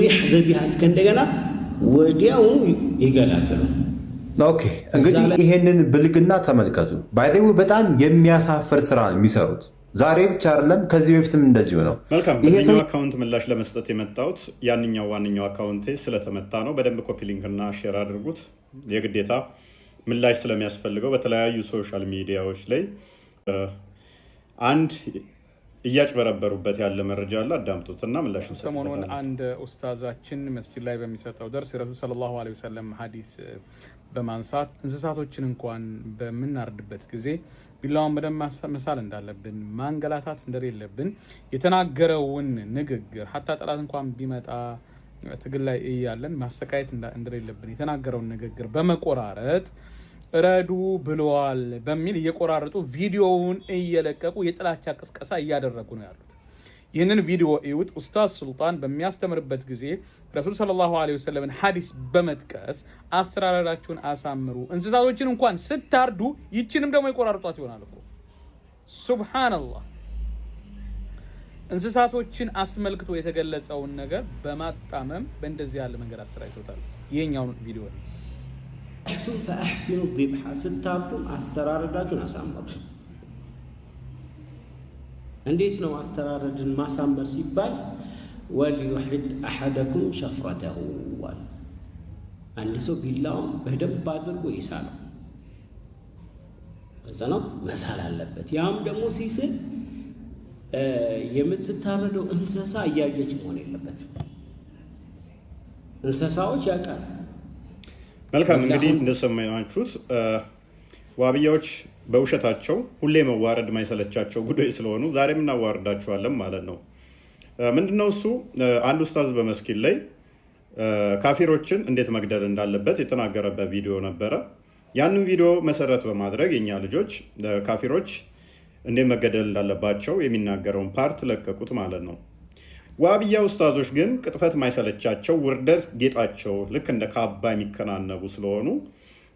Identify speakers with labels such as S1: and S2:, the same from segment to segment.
S1: ሪሕ ዘቢሃት ከእንደገና ወዲያው ይገላግሉ።
S2: ኦኬ እንግዲህ ይሄንን ብልግና ተመልከቱ። ባይደው በጣም የሚያሳፍር ስራ ነው የሚሰሩት። ዛሬ ብቻ አይደለም ከዚህ በፊትም እንደዚሁ ነው።
S3: መልካም በዚኛው አካውንት ምላሽ ለመስጠት የመጣሁት ያንኛው ዋነኛው አካውንቴ ስለተመታ ነው። በደንብ ኮፒ ሊንክና ሼር አድርጉት። የግዴታ ምላሽ ስለሚያስፈልገው በተለያዩ ሶሻል ሚዲያዎች ላይ አንድ እያጭበረበሩበት ያለ መረጃ አለ። አዳምጡት እና ምላሽ።
S4: ሰሞኑን አንድ ኡስታዛችን መስጂድ ላይ በሚሰጠው ደርስ የረሱል ሰለላሁ ዓለይሂ ወሰለም ሀዲስ በማንሳት እንስሳቶችን እንኳን በምናርድበት ጊዜ ቢላዋን በደንብ መሳል እንዳለብን፣ ማንገላታት እንደሌለብን የተናገረውን ንግግር ሀታ ጠላት እንኳን ቢመጣ ትግል ላይ እያለን ማሰቃየት እንደሌለብን የተናገረውን ንግግር በመቆራረጥ እረዱ ብለዋል በሚል እየቆራረጡ ቪዲዮውን እየለቀቁ የጥላቻ ቅስቀሳ እያደረጉ ነው ያሉት። ይህንን ቪዲዮ እዩት። ኡስታዝ ሱልጣን በሚያስተምርበት ጊዜ ረሱል ሰለላሁ ዐለይሂ ወሰለምን ሐዲስ በመጥቀስ አስተራረዳችሁን አሳምሩ፣ እንስሳቶችን እንኳን ስታርዱ ይችንም ደግሞ የቆራርጧት ይሆናል እኮ ሱብሃነላህ። እንስሳቶችን አስመልክቶ የተገለጸውን ነገር በማጣመም በእንደዚህ ያለ መንገድ አሰራጭቶታል። ይሄኛውን ቪዲዮ ነው
S1: ፈአንቱም ፈአሕሲኑ ቢብሓ ስታብዱም አስተራረዳችሁን አሳምሩ። እንዴት ነው አስተራረድን ማሳመር ሲባል ወልዩሕድ አሐደኩም ሸፍረተሁ ዋል አንድ ሰው ቢላውን በደንብ አድርጎ ይሳለው። እዛ ነው መሳል አለበት። ያም ደግሞ ሲስል የምትታረደው እንስሳ እያየች መሆን የለበትም። እንስሳዎች ያውቃል
S3: መልካም እንግዲህ እንደሰማችሁት ዋብያዎች በውሸታቸው ሁሌ መዋረድ ማይሰለቻቸው ጉዳይ ስለሆኑ ዛሬም እናዋርዳችኋለን ማለት ነው። ምንድነው እሱ? አንድ ኡስታዝ በመስኪን ላይ ካፊሮችን እንዴት መግደል እንዳለበት የተናገረበት ቪዲዮ ነበረ። ያንን ቪዲዮ መሰረት በማድረግ የኛ ልጆች ካፊሮች እንዴት መገደል እንዳለባቸው የሚናገረውን ፓርት ለቀቁት ማለት ነው። ዋብያ ውስታዞች ግን ቅጥፈት ማይሰለቻቸው ውርደት ጌጣቸው ልክ እንደ ካባ የሚከናነቡ ስለሆኑ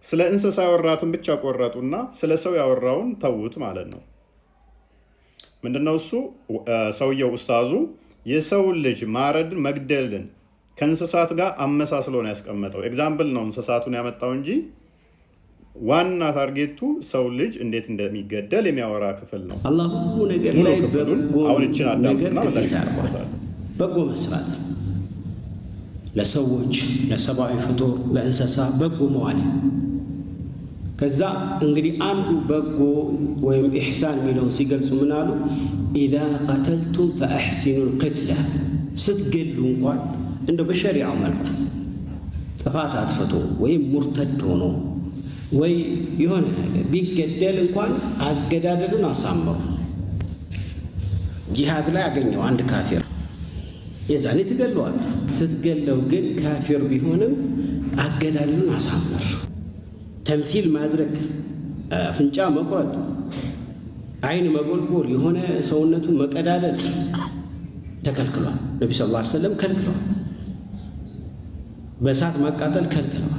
S3: ስለ እንስሳ ያወራቱን ብቻ ቆረጡና ስለ ሰው ያወራውን ተዉት ማለት ነው። ምንድነው እሱ ሰውየው ውስታዙ የሰው ልጅ ማረድን፣ መግደልን ከእንስሳት ጋር አመሳስሎ ነው ያስቀመጠው። ኤግዛምፕል ነው እንስሳቱን ያመጣው እንጂ ዋና ታርጌቱ ሰው ልጅ እንዴት እንደሚገደል የሚያወራ ክፍል ነው።
S1: ሙሉ ክፍሉን
S3: አሁን እችን አዳምጡና
S1: ምላሽ በጎ መስራት ለሰዎች፣ ለሰብአዊ ፍጡር፣ ለእንስሳ በጎ መዋል። ከዛ እንግዲህ አንዱ በጎ ወይም ኢሕሳን የሚለውን ሲገልጹ ምን አሉ? ኢዛ ቀተልቱም ፈአሕሲኑ ልቅትላ፣ ስትገሉ እንኳን እንደ በሸሪዓው መልኩ ጥፋት አትፈቶ ወይም ሙርተድ ሆኖ ወይ የሆነ ነገር ቢገደል እንኳን አገዳደሉን አሳምሩ። ጂሃድ ላይ አገኘው አንድ ካፊር የዛኔ ትገለዋል። ስትገለው ግን ካፊር ቢሆንም አገዳልን አሳምር፣ ተምሲል ማድረግ፣ አፍንጫ መቁረጥ፣ አይን መጎልጎል፣ የሆነ ሰውነቱን መቀዳደል ተከልክሏል። ነቢ ስ ላ ሰለም ከልክለዋል። በእሳት ማቃጠል ከልክለዋል።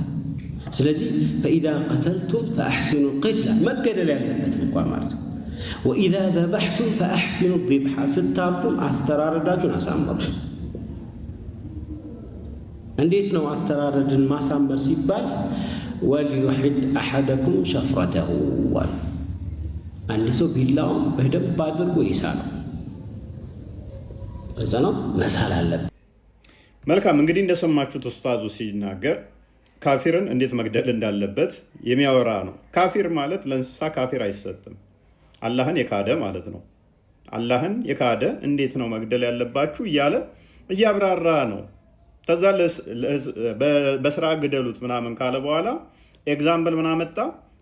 S1: ስለዚህ ፈኢዛ ቀተልቱም ፈአሕሲኑ ቅትላ መገደል ያለበት እንኳ ማለት ነው። ወኢዛ ዘበሕቱም ፈአሕሲኑ ቢብሓ ስታርቱም አስተራረዳችሁን አሳምሩ። እንዴት ነው አስተራረድን ማሳመር ሲባል ወልዩሕድ አሐደኩም ሸፍረተሁ ዋል አንድ ሰው ቢላውን በደንብ አድርጎ ነው እዛ ነው መሳል አለብ።
S3: መልካም እንግዲህ እንደሰማችሁት ኡስታዙ ሲናገር ካፊርን እንዴት መግደል እንዳለበት የሚያወራ ነው። ካፊር ማለት ለእንስሳ ካፊር አይሰጥም። አላህን የካደ ማለት ነው። አላህን የካደ እንዴት ነው መግደል ያለባችሁ እያለ እያብራራ ነው። ከዛ በስራ ግደሉት ምናምን ካለ በኋላ ኤግዛምፕል ምን አመጣ?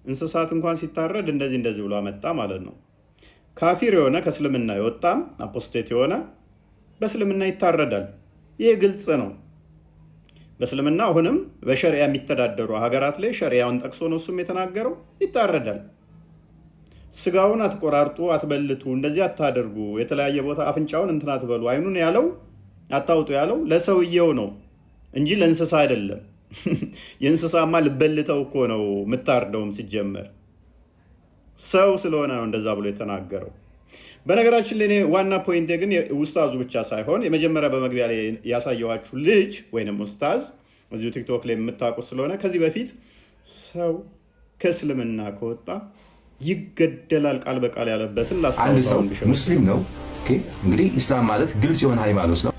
S3: እንስሳት እንኳን ሲታረድ እንደዚህ እንደዚህ ብሎ አመጣ ማለት ነው። ካፊር የሆነ ከእስልምና የወጣም አፖስቴት የሆነ በእስልምና ይታረዳል። ይህ ግልጽ ነው። በእስልምና አሁንም በሸሪያ የሚተዳደሩ ሀገራት ላይ ሸሪያውን ጠቅሶ ነው እሱም የተናገረው ይታረዳል። ስጋውን አትቆራርጡ፣ አትበልቱ፣ እንደዚህ አታደርጉ፣ የተለያየ ቦታ አፍንጫውን እንትን አትበሉ አይኑን ያለው አታውጡ ያለው ለሰውየው ነው እንጂ ለእንስሳ አይደለም። የእንስሳማ ልበልተው እኮ ነው የምታርደውም ሲጀመር ሰው ስለሆነ ነው እንደዛ ብሎ የተናገረው። በነገራችን ላይ ዋና ፖይንት ግን ውስታዙ ብቻ ሳይሆን የመጀመሪያ በመግቢያ ላይ ያሳየኋችሁ ልጅ ወይንም ውስታዝ እዚሁ ቲክቶክ ላይ የምታውቁት ስለሆነ ከዚህ በፊት ሰው ከእስልምና ከወጣ ይገደላል ቃል በቃል ያለበትን ላስታውሳውን
S2: ሙስሊም ነው። እንግዲህ ኢስላም ማለት ግልጽ የሆነ ሃይማኖት ነው።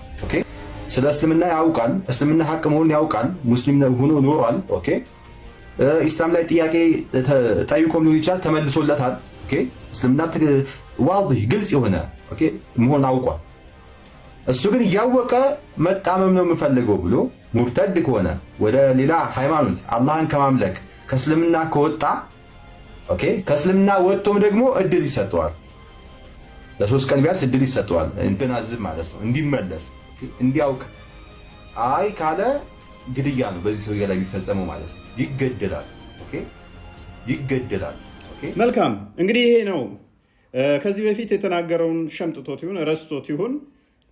S2: ስለ እስልምና ያውቃል፣ እስልምና ሀቅ መሆኑን ያውቃል፣ ሙስሊም ሆኖ ኖሯል። ኦኬ ኢስላም ላይ ጥያቄ ጠይቆም ሊሆን ይችላል፣ ተመልሶለታል። ኦኬ እስልምና ዋዲህ ግልጽ የሆነ ኦኬ መሆን አውቋል። እሱ ግን እያወቀ መጣመም ነው የምፈልገው ብሎ ሙርተድ ከሆነ ወደ ሌላ ሃይማኖት አላህን ከማምለክ ከእስልምና ከወጣ ኦኬ ከእስልምና ወጥቶም ደግሞ እድል ይሰጠዋል። ለሶስት ቀን ቢያንስ እድል ይሰጠዋል። እንድናዝብ ማለት ነው እንዲመለስ እንዲያውቅ። አይ ካለ ግድያ ነው በዚህ ሰውዬ ላይ የሚፈጸመው ማለት ነው። ይገደላል። ኦኬ ይገደላል።
S3: ኦኬ መልካም እንግዲህ ይሄ ነው። ከዚህ በፊት የተናገረውን ሸምጥቶት ይሁን ረስቶት ይሁን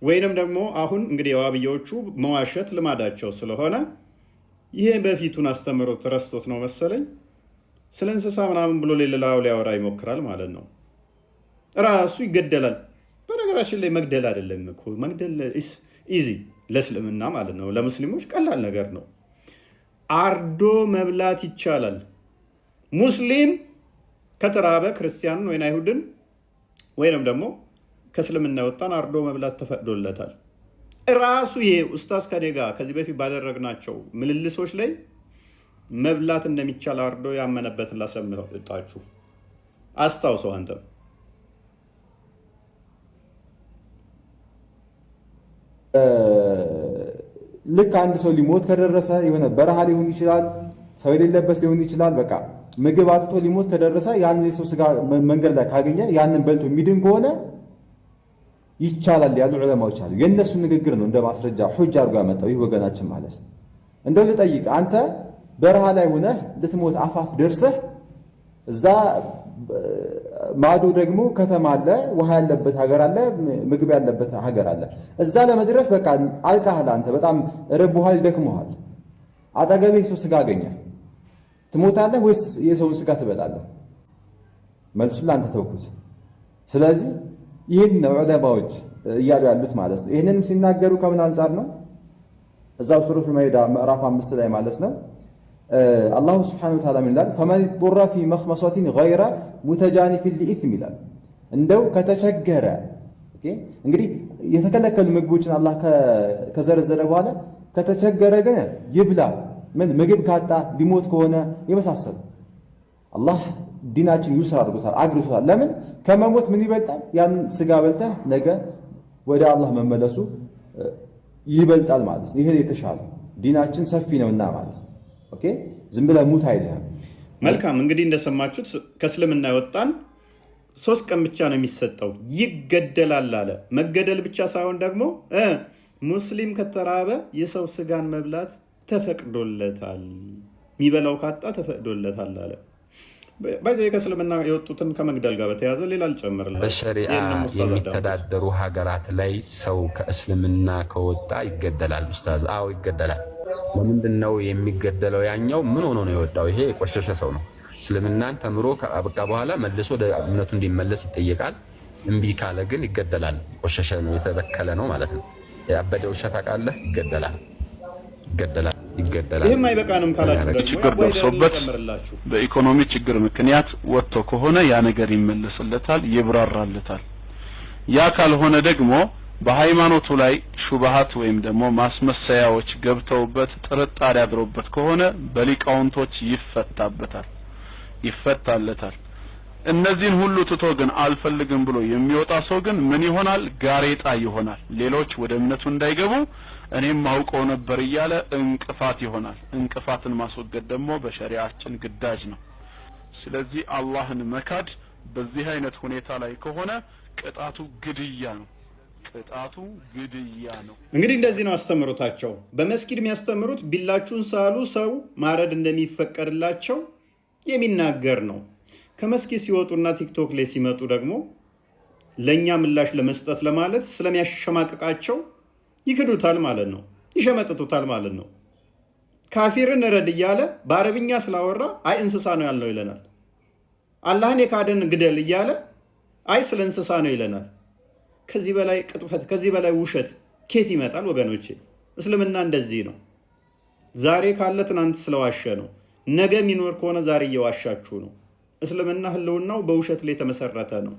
S3: ወይንም ደግሞ አሁን እንግዲህ የዋብያዎቹ መዋሸት ልማዳቸው ስለሆነ ይሄ በፊቱን አስተምሮት ረስቶት ነው መሰለኝ ስለ እንስሳ ምናምን ብሎ ሌላው ሊያወራ ይሞክራል ማለት ነው። ራሱ ይገደላል። በነገራችን ላይ መግደል አይደለም እኮ መግደል ኢዚ ለእስልምና ማለት ነው፣ ለሙስሊሞች ቀላል ነገር ነው። አርዶ መብላት ይቻላል። ሙስሊም ከተራበ ክርስቲያንን ወይም አይሁድን ወይንም ደግሞ ከእስልምና የወጣን አርዶ መብላት ተፈቅዶለታል። ራሱ ይሄ ኡስታዝ ከኔ ጋር ከዚህ በፊት ባደረግናቸው ምልልሶች ላይ መብላት እንደሚቻል አርዶ ያመነበትን ላሰምጣችሁ አስታውሰው አንተም
S2: ልክ አንድ ሰው ሊሞት ከደረሰ የሆነ በረሃ ሊሆን ይችላል፣ ሰው የሌለበት ሊሆን ይችላል። በቃ ምግብ አጥቶ ሊሞት ከደረሰ ያንን የሰው ስጋ መንገድ ላይ ካገኘ ያንን በልቶ የሚድን ከሆነ ይቻላል ያሉ ዑለማዎች አሉ። የእነሱ ንግግር ነው እንደ ማስረጃ ሑጅ አድርጎ ያመጣው ይህ ወገናችን ማለት ነው። እንደው ልጠይቅ፣ አንተ በረሃ ላይ ሆነህ ልትሞት አፋፍ ደርሰህ እዛ ማዶ ደግሞ ከተማ አለ፣ ውሃ ያለበት ሀገር አለ፣ ምግብ ያለበት ሀገር አለ። እዛ ለመድረስ በቃ አልቃህል አንተ በጣም ርቦሃል፣ ደክመሃል። አጠገቤ የሰው ስጋ አገኘ፣ ትሞታለህ ወይስ የሰውን ስጋ ትበላለህ? መልሱን ለአንተ ተውኩት። ስለዚህ ይህን ነው ዑለማዎች እያሉ ያሉት ማለት ነው። ይህንንም ሲናገሩ ከምን አንጻር ነው? እዛው ሱረቱል ማኢዳ ምዕራፍ አምስት ላይ ማለት ነው አላሁ ስብሓነ ወተዓላ ምን ይላል? ፈመን ضራ ፊ መክመሰቲን ገይረ ሙተጃኒፊን ሊኢትም ይላል። እንደው ከተቸገረ እንግዲህ የተከለከሉ ምግቦችን አላህ ከዘረዘረ በኋላ ከተቸገረ ግን ይብላ። ምን ምግብ ካጣ ሊሞት ከሆነ የመሳሰሉ አላህ ዲናችን ዩስር አድርጎታል አግርቶታል። ለምን ከመሞት ምን ይበልጣል? ያን ስጋ በልተህ ነገ ወደ አላህ መመለሱ ይበልጣል ማለት ነው። ይሄ የተሻለ ዲናችን ሰፊ ነውና ማለት ነው። ኦኬ፣ ዝም ብለህ ሙት አይደለም።
S3: መልካም እንግዲህ እንደሰማችሁት ከእስልምና የወጣን ሶስት ቀን ብቻ ነው የሚሰጠው፣ ይገደላል አለ። መገደል ብቻ ሳይሆን ደግሞ ሙስሊም ከተራበ የሰው ስጋን መብላት ተፈቅዶለታል፣ የሚበላው ካጣ ተፈቅዶለታል አለ። ባይዘ ከእስልምና የወጡትን ከመግደል ጋር በተያዘ ሌላ አልጨምርልህ።
S2: በሸሪዓ የሚተዳደሩ ሀገራት ላይ ሰው ከእስልምና ከወጣ ይገደላል። ኡስታዝ፣ አዎ ይገደላል። ለምንድን ነው የሚገደለው? ያኛው ምን ሆኖ ነው የወጣው? ይሄ የቆሸሸ ሰው ነው። እስልምናን ተምሮ ከአበቃ በኋላ መልሶ ወደ እምነቱ እንዲመለስ ይጠየቃል። እምቢ ካለ ግን ይገደላል። የቆሸሸ ነው፣ የተበከለ ነው ማለት ነው። ያበደ ውሻ ታውቃለህ፣ ይገደላል ይገደላል ይገደላል።
S1: ይህም አይበቃንም ካላችሁ
S3: ችግር ደርሶበት በኢኮኖሚ ችግር ምክንያት ወጥቶ ከሆነ ያ ነገር ይመለስለታል፣ ይብራራለታል። ያ ካልሆነ ደግሞ በሃይማኖቱ ላይ ሹብሃት ወይም ደግሞ ማስመሰያዎች ገብተውበት ጥርጣሬ አድሮበት ከሆነ በሊቃውንቶች ይፈታበታል ይፈታለታል። እነዚህን ሁሉ ትቶ ግን አልፈልግም ብሎ የሚወጣ ሰው ግን ምን ይሆናል? ጋሬጣ ይሆናል። ሌሎች ወደ እምነቱ እንዳይገቡ እኔም አውቀው ነበር እያለ እንቅፋት ይሆናል። እንቅፋትን ማስወገድ ደግሞ በሸሪዓችን ግዳጅ ነው። ስለዚህ አላህን መካድ በዚህ አይነት ሁኔታ ላይ ከሆነ ቅጣቱ ግድያ ነው። ቅጣቱ ግድያ ነው። እንግዲህ እንደዚህ ነው አስተምሮታቸው። በመስጊድ የሚያስተምሩት ቢላችሁን ሳሉ ሰው ማረድ እንደሚፈቀድላቸው የሚናገር ነው። ከመስጊድ ሲወጡና ቲክቶክ ላይ ሲመጡ ደግሞ ለእኛ ምላሽ ለመስጠት ለማለት ስለሚያሸማቅቃቸው ይክዱታል ማለት ነው፣ ይሸመጥቱታል ማለት ነው። ካፊርን ረድ እያለ በአረብኛ ስላወራ አይ እንስሳ ነው ያልነው ይለናል። አላህን የካደን ግደል እያለ አይ ስለ እንስሳ ነው ይለናል። ከዚህ በላይ ቅጥፈት፣ ከዚህ በላይ ውሸት ኬት ይመጣል ወገኖቼ? እስልምና እንደዚህ ነው። ዛሬ ካለ ትናንት ስለዋሸ ነው። ነገ የሚኖር ከሆነ ዛሬ እየዋሻችሁ ነው። እስልምና ህልውናው በውሸት ላይ የተመሰረተ ነው።